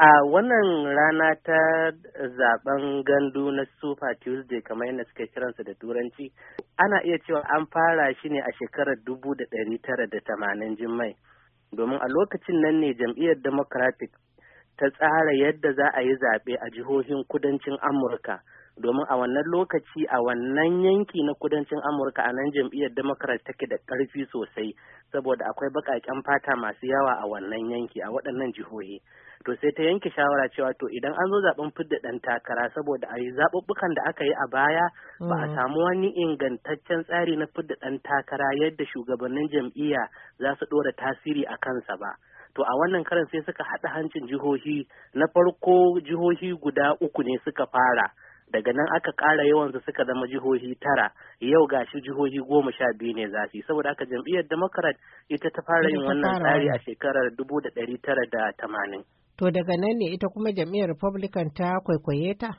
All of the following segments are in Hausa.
A wannan rana ta zaben gandu na Super Tuesday kamar yadda suke kiransa da turanci, ana iya cewa an fara shi ne a shekarar dubu da dari tara da tamanin jimai. Domin a lokacin nan ne jam'iyyar Democratic ta tsara yadda za a yi zaɓe a jihohin kudancin Amurka domin a wannan lokaci a wannan yanki na kudancin amurka a nan jam'iyyar democrat take da ƙarfi sosai saboda akwai baƙaƙen fata masu yawa a wannan yanki a waɗannan jihohi to sai ta yanke shawara cewa to idan an zo zaben fidda ɗan takara saboda a yi zaɓuɓɓukan da aka yi a baya ba a mm. samu wani ingantaccen tsari na fidda ɗan takara yadda shugabannin jam'iyya za su ɗora tasiri a kansa ba to a wannan karan sai suka haɗa hancin jihohi na farko jihohi guda uku ne suka fara daga nan aka ƙara yawansu suka zama jihohi tara yau ga shi jihohi goma sha biyu ne za su yi saboda haka jam'iyyar democrat ita ta fara yin wannan tsari a shekarar dubu da ɗari tara da tamanin. to daga nan ne ita kuma jam'iyyar republican ta kwaikwaye ta.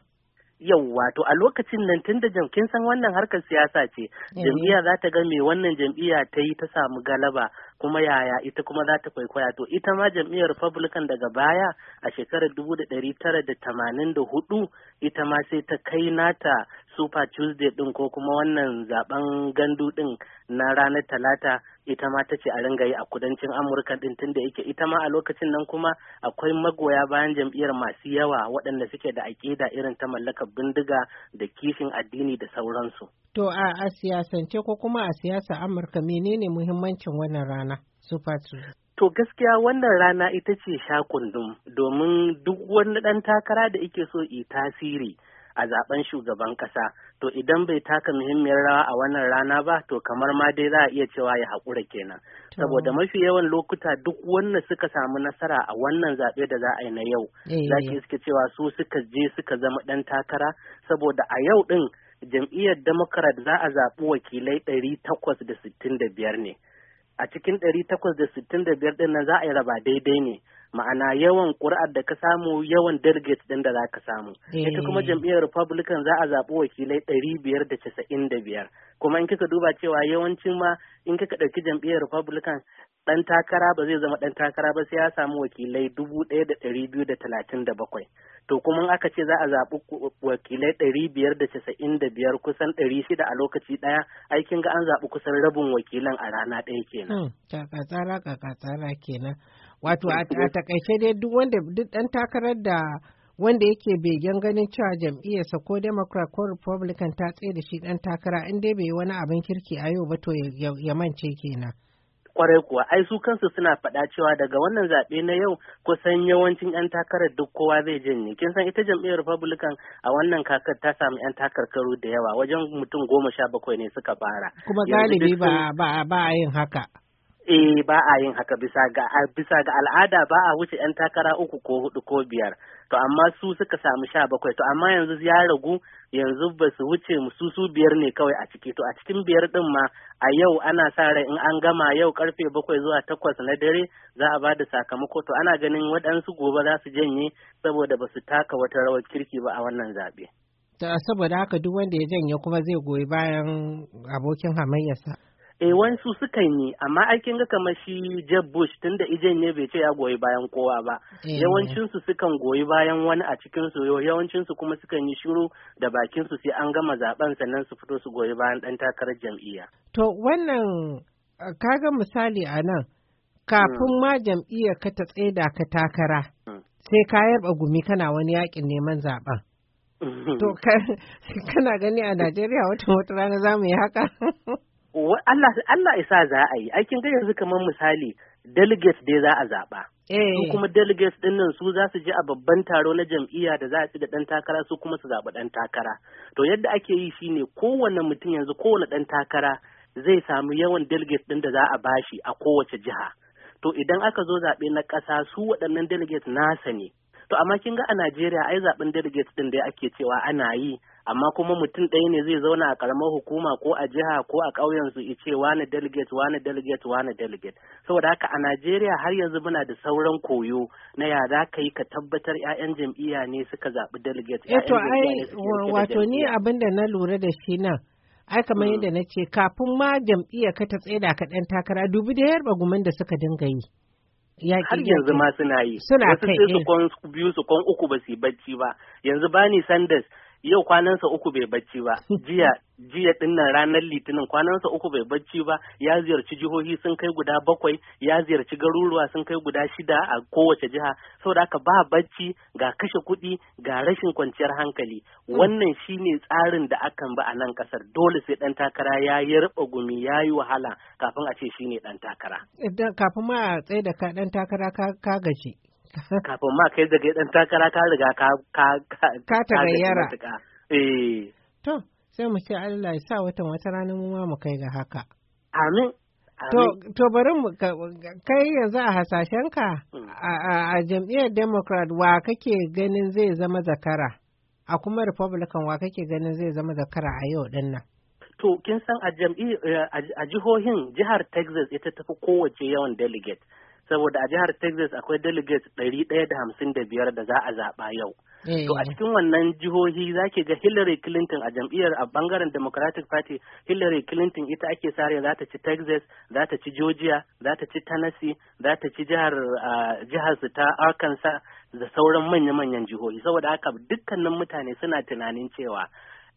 Yau wato a lokacin nan tun da jamkin san wannan harkar siyasa ce jam'iyya za ta ga me wannan jam'iyya ta yi ta samu galaba kuma yaya ita kuma za ta kwaikwaya to ita ma jam'iyyar republican daga baya a shekarar dubu da tara da tamanin hudu ita ma sai ta kai nata super tuesday ɗin ko kuma wannan zaben gandu ɗin na ranar talata ita ma ta ce a ringa yi a kudancin amurka din tunda yake ita ma a lokacin nan kuma akwai magoya bayan jam'iyyar masu yawa waɗanda suke da aƙida irin ta mallakar bindiga da kishin addini da sauransu to a siyasance ko kuma a siyasa amurka menene muhimmancin wannan rana super tuesday To gaskiya wannan rana ita ce sha kundum domin duk wani ɗan takara da ike so yi tasiri a zaben shugaban kasa, to idan bai taka muhimmiyar rawa a wannan rana ba to kamar ma dai za a iya cewa ya haƙura kenan saboda mafi yawan lokuta duk wanda suka samu nasara a wannan zaɓe da za a yi na yau eh, eh, za ki eh. iske cewa su suka je suka zama ɗan takara saboda a yau ɗin jam'iyyar democrat za a zaɓi wakilai ɗari takwas da sittin da biyar ne a cikin ɗari takwas da sittin da biyar ɗin nan za a yi raba daidai ne ma'ana yawan ƙuri'ar da ka samu yawan delegates ɗin da za ka samu ita kuma eh. jam'iyyar republican za a zaɓi wakilai ɗari biyar da casa'in da biyar kuma in kika duba cewa yawancin ma in kika ɗauki jam'iyyar republican ɗan takara ba zai zama ɗan takara ba sai ya samu wakilai dubu ɗaya da ɗari biyu da talatin da bakwai to kuma aka ce za a zaɓi wakilai ɗari biyar da casa'in da biyar kusan ɗari shida a lokaci ɗaya aikin ga an zaɓi kusan rabin wakilan a rana ɗaya kenan. kaka hmm, tsara kaka tsara kenan Wato a takaice dai duk wanda duk ɗan takarar da wanda yake begen ganin cewa jam'iyyarsa ko democrat ko republican ta tsaye da shi dan takara in dai bai wani abin kirki a yau ba to ya mance kenan. kwarai kuwa ai su kansu suna faɗa cewa daga wannan zaɓe na yau kusan yawancin 'yan takarar duk kowa zai janye kin san ita jam'iyyar republican a wannan kakar ta samu 'yan takarkaru da yawa wajen mutum goma sha bakwai ne suka fara kuma galibi ba ba yin haka eh ba a yin haka bisa ga bisa ga al'ada ba a wuce yan takara uku ko hudu ko biyar to amma su suka samu sha bakwai to amma yanzu ya ragu yanzu ba su wuce su su biyar ne kawai a ciki to a cikin biyar din ma a yau ana sa rai in an gama yau karfe bakwai zuwa takwas na dare za a bada sakamako to ana ganin waɗansu gobe za su janye saboda ba su taka wata rawar kirki ba a wannan zaɓe. saboda haka duk wanda ya janye kuma zai goyi bayan abokin hamayyarsa. E eh, wansu sukan yi amma aikin ga kamar shi Jeb Bush tunda ijen ne bai ce ya goyi bayan kowa ba. Eh. Yawancinsu sukan goyi bayan wani a cikin su yawancinsu kuma sukan yi shiru da bakin su sai an gama zaben sannan su fito su goyi bayan dan takarar jam'iyya. To wannan kaga misali a nan kafin ma hmm. jam'iyyar ka ta tsaida ka takara hmm. sai ka yarba gumi kana wani yakin neman zaben. Hmm. To kana gani a Najeriya wata wata rana za mu yi haka? Allah Allah isa za a yi aikin ga yanzu kamar misali delegates dai za a zaɓa. Eh. Su kuma delegates ɗin nan su za su je a babban taro na jam'iyya da za a ci da ɗan takara su kuma su zaɓi ɗan takara. To yadda ake yi shine kowane mutum yanzu kowane ɗan takara zai samu yawan delegates ɗin da za a bashi a kowace jiha. To idan aka zo zaɓe na ƙasa su waɗannan delegates nasa ne. To amma kin ga a Najeriya ai zaɓen delegates ɗin dai ake cewa ana yi amma kuma mutum ɗaya ne zai zauna a karamar hukuma ko a jiha ko a ƙauyen su ce wani delegate wani delegate wani delegate saboda haka a Najeriya har yanzu muna da sauran koyo na ya za ka yi ka tabbatar 'ya'yan jam'iyya ne suka zaɓi delegate eh, to ai wato ni abin da na lura da shi nan ai kamar hmm. yadda na ce kafin ma jam'iyya ka ta da ka ɗan takara dubi da yarba gumin da suka dinga yi har yanzu ma suna yi suna kai su eh. kwan biyu su kwan uku ba su yi bacci ba yanzu bani sanders yau kwanansa uku bai bacci ba jiya jiya dinnan ranar litinin kwanansa uku bai bacci ba ya ziyarci jihohi sun kai guda bakwai ya ziyarci garuruwa sun kai guda shida a kowace jiha saboda haka ba bacci ga kashe kuɗi ga rashin kwanciyar hankali hmm. wannan shine tsarin da akan ba a nan kasar dole sai dan takara ya yi riba gumi ya yi wahala kafin a ce shine dan takara kafin ma a da ka dan takara ka gaji kafin ma kai daga dan takara ka riga ka ka ka tagayyara eh to sai mu ce Allah ya sa watan wata rana mu ma mu kai ga haka amin To, to bari mu kai yanzu a hasashen ka. Hmm. a jam'iyyar Democrat wa kake ganin zai zama zakara, a kuma Republican wa kake ganin zai zama zakara a yau din nan. To, kin san eh, a jihohin jihar Texas ita tafi kowace yawan delegate. saboda a jihar Texas akwai delegates ɗari ɗaya da hamsin da biyar da za a zaɓa yau. Eh. To a cikin wannan jihohi za ga Hillary Clinton a jam'iyyar a bangaren Democratic Party Hillary Clinton ita ake sare za ta ci Texas, za ta ci Georgia, za ta ci Tennessee, za ta ci jihar jihar su ta Arkansas da sauran manya-manyan jihohi. Saboda haka dukkanin mutane suna tunanin cewa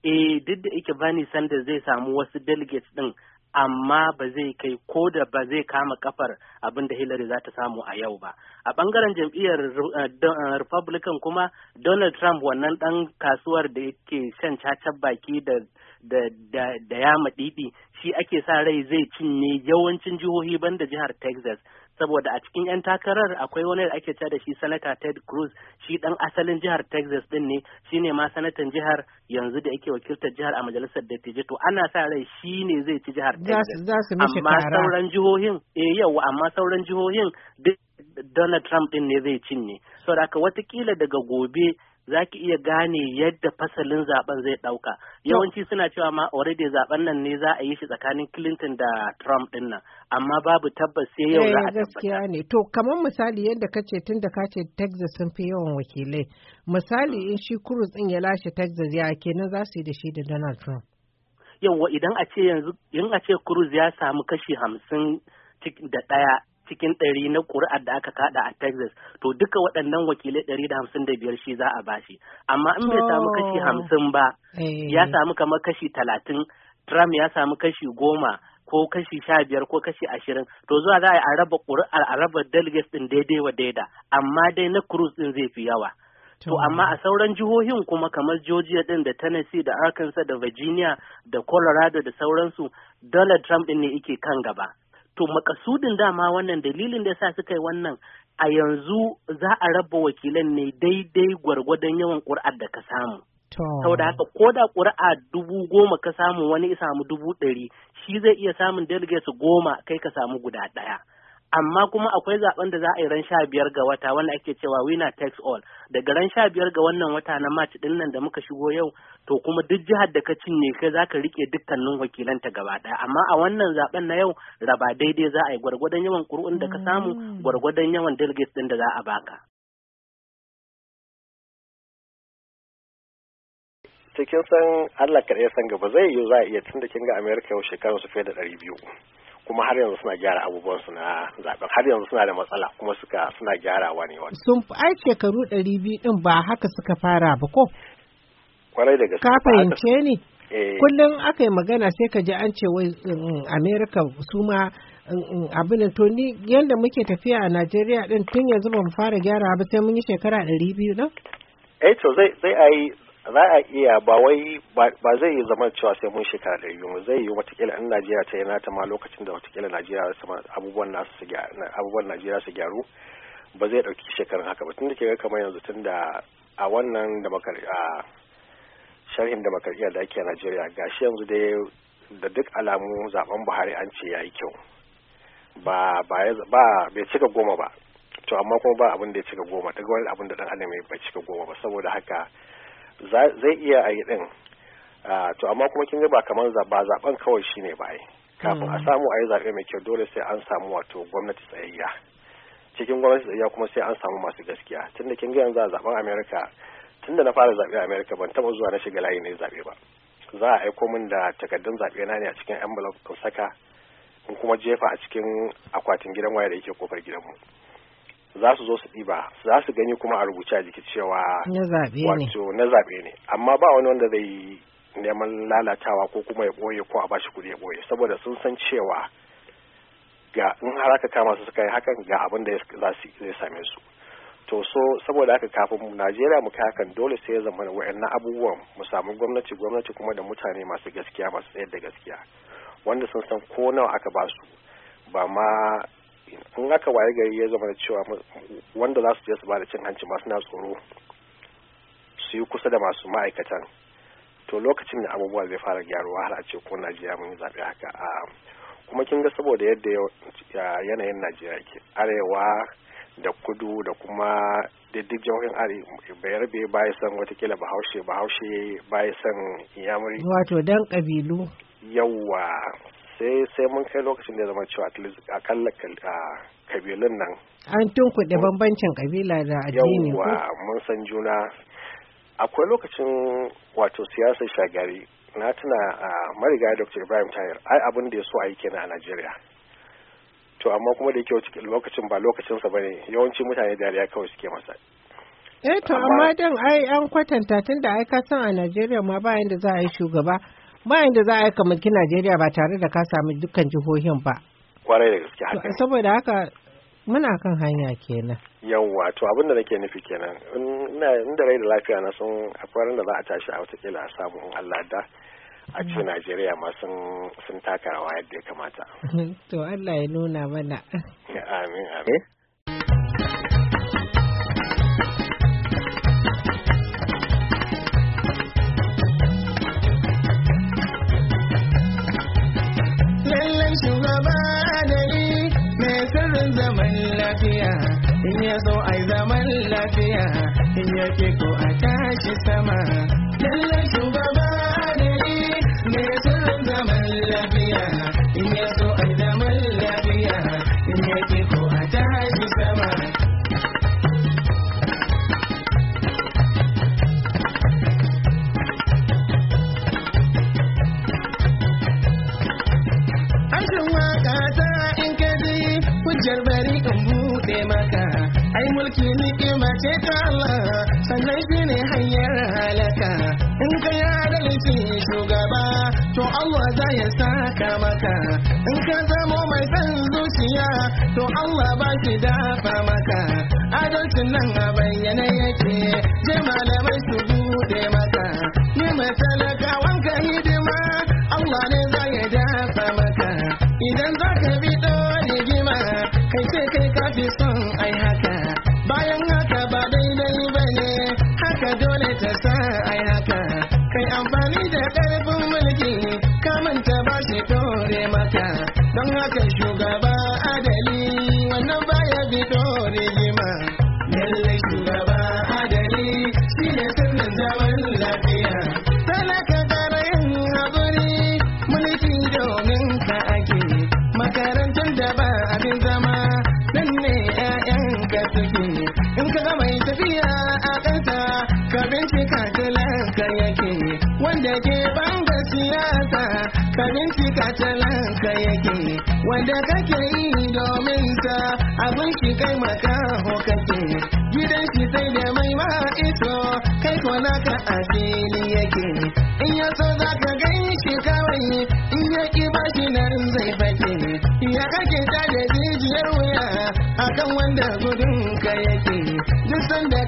eh duk da yake Bernie Sanders zai samu wasu delegates din amma ba zai kai ko da ba zai kama kafar abin da Hillary za ta samu a yau ba. A bangaren jam'iyyar eh, eh, Republican kuma Donald Trump wannan ɗan kasuwar da yake shan cacar baki da da da da yama didi shi ake sa rai zai cinye yawancin jihohi banda jihar Texas saboda a cikin 'yan takarar akwai wani da ake ta da shi sanata ted cruz shi dan asalin jihar texas din ne shi ne ma sanatan jihar yanzu da yake wakiltar jihar a majalisar dattijai to ana sa rai shi ne zai ci jihar texas eh, amma sauran jihohin eh yawa amma sauran jihohin donald trump din ne zai cinye saboda haka watakila daga gobe za ki iya gane yadda fasalin zaben zai dauka yawanci suna cewa ma already zaben nan ne za a yi shi tsakanin Clinton da Trump din nan amma babu tabbas sai yau za a eh, gaskiya ne to kamar misali yadda kace tun da kace Texas sun fi yawan wakilai misali mm. in shi Cruz din ya lashe Texas ya kenan za su yi da shi da Donald Trump yawa idan a ce yanzu in a ce Cruz ya samu kashi hamsin da ɗaya cikin ɗari na ƙuri'ar da aka kaɗa a Texas to duka waɗannan wakilai ɗari da hamsin da biyar shi za a bashi amma in bai samu kashi hamsin ba eh. ya samu kamar kashi talatin Trump ya samu kashi goma ko kashi sha biyar ko kashi ashirin to zuwa za a yi raba ƙuri'ar a raba delegates ɗin daidai wa daida amma dai na Cruz ɗin zai fi yawa. To amma a sauran jihohin kuma kamar Georgia ɗin da Tennessee da Arkansas da Virginia da Colorado da sauransu Donald Trump ɗin ne yake kan gaba. to makasudin dama wannan dalilin da sa suka yi wannan a yanzu za a raba wakilan ne daidai gwargwadon yawan ƙuri'ar da ka samu. Saboda haka ko da ƙuri'a dubu goma ka samu wani isa samu dubu ɗari shi zai iya samun delegates goma kai ka samu guda ɗaya. amma kuma akwai zaben da za a yi ran sha biyar ga wata wanda ake cewa winner takes all daga ran sha biyar ga wannan wata na march din nan da muka shigo yau to kuma duk jihar da ka cinye kai za ka rike dukkanin wakilanta gaba daya amma a wannan zaben na yau raba daidai za a yi gwargwadon yawan kuru'un da ka samu mm. gwargwadon yawan delegates din da za a baka cikin san Allah kaɗai san gaba zai yi za a iya tun da kin ga Amerika yau shekaru su fiye da ɗari biyu. kuma har yanzu suna gyara abubuwan su na zaben har yanzu suna da matsala kuma suka suna gyara wani wani sun ai shekaru ɗari biyu ɗin ba haka suka fara ba ko kwarai da gaske ka fahimce ni eh. kullum aka yi magana sai ka ji an ce wai um, um, america su ma um, abin to ni yadda muke tafiya a najeriya ɗin tun yanzu ba mu fara gyara ba sai mun yi shekara ɗari biyu ɗin eh to zai zai za a iya ba wai ba zai yi zama cewa sai mun shekara da biyu zai yi watakila in najeriya ta yi ta ma lokacin da watakila najeriya abubuwan nasu su abubuwan najeriya su gyaru ba zai ɗauki shekarun haka ba tun da ke kamar yanzu tun da a wannan da a sharhin da makarƙiyar da ake a najeriya gashi yanzu dai da duk alamu zaben buhari an ce ya yi kyau ba ba bai cika goma ba to amma kuma ba abin da ya cika goma daga wani abin da dan adam bai cika goma ba saboda haka zai iya a yi din to amma kuma kin ga ba kamar ba zaben kawai shine ba ai kafin a hmm. samu a yi zaɓe mai kyau dole sai an samu wato gwamnati tsayayya cikin gwamnati tsayayya kuma sai an samu masu gaskiya tunda kin ga yanzu a zaben amerika tunda na fara zaɓe a amerika ban taɓa zuwa na shiga layi ne zaɓe ba za a aiko min da takardun zaɓe na ne a cikin envelope in saka in kuma jefa a cikin akwatin gidan waya da yake kofar gidanmu za su zo su ɗiba za su gani kuma a rubuce a jiki cewa wato na zaɓe ne amma ba wani wanda zai neman lalatawa ko kuma ya ɓoye ko a bashi kuɗi ya ɓoye saboda sun san cewa ga in har aka kama su suka yi hakan ga abin da zai same su to so saboda haka kafin najeriya mu kai hakan dole sai ya zama wa'annan abubuwan mu samu gwamnati gwamnati kuma da mutane masu gaskiya masu tsayar da gaskiya wanda sun san ko nawa aka ba su ba ma in aka waye gari ya zama da cewa wanda za su je su ba da cin hanci masu na tsoro su yi kusa da masu ma'aikatan to lokacin da abubuwa zai fara gyaruwa har a ce ko najeriya mun yi zaɓe haka a kuma kin ga saboda yadda yanayin najeriya ke arewa da kudu da kuma duk jihohin ba baya san watakila bahaushe bahaushe baya san yamuri wato dan kabilu Yawwa. sai sai mun kai lokacin da zama cewa a least kabilun nan an tunkuɗe bambancin kabila da addini ko mun san juna akwai lokacin wato siyasar shagari na tuna a mariga dr ibrahim tayar ai abin da ya so aiki na a najeriya to amma kuma da yake lokacin ba lokacinsa ba ne yawanci mutane dariya kawai suke masa eh to amma dan ai an kwatanta tunda ai ka san a Najeriya ma ba yanda za a yi shugaba bayan da za a yi ki Najeriya ba tare da ka sami dukkan jihohin ba. Kwarai da gaske haka. Saboda haka muna kan hanya kenan. Yawwa to abin da nake nufi kenan in da rai da lafiya na sun akwai da za a tashi a watakila a samu in Allah da a ce mm. Najeriya ma sun taka rawa yadda ya kamata. To Allah ya nuna mana. Amin amin. in ya zo ai zaman lafiya in ya ke ko a tashi sama lallai shugaba mulki ni'ima ce ta Allah sannan shi ne hanyar halaka in ka yi adalci shugaba to Allah za ya saka maka in ka zamo mai san zuciya to Allah ba shi dafa maka adalcin nan a bayyane yake je malamai su bude maka ni talakawa don haka shugaba adali wannan baya ne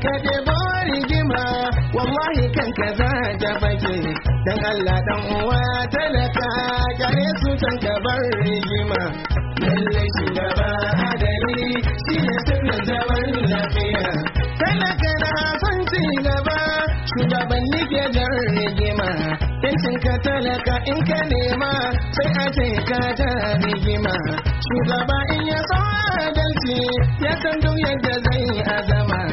ka debo rigima wallahi kanka za ta bake dan Allah dan uwa talaka kare su can ka rigima lalle shi gaba adali shi ne zaman lafiya talaka na son ci gaba shugabanni ke jan rigima yancin ka talaka in ka nema sai a ce ka ta rigima shugaba in ya so adalci ya san duk yadda zai azama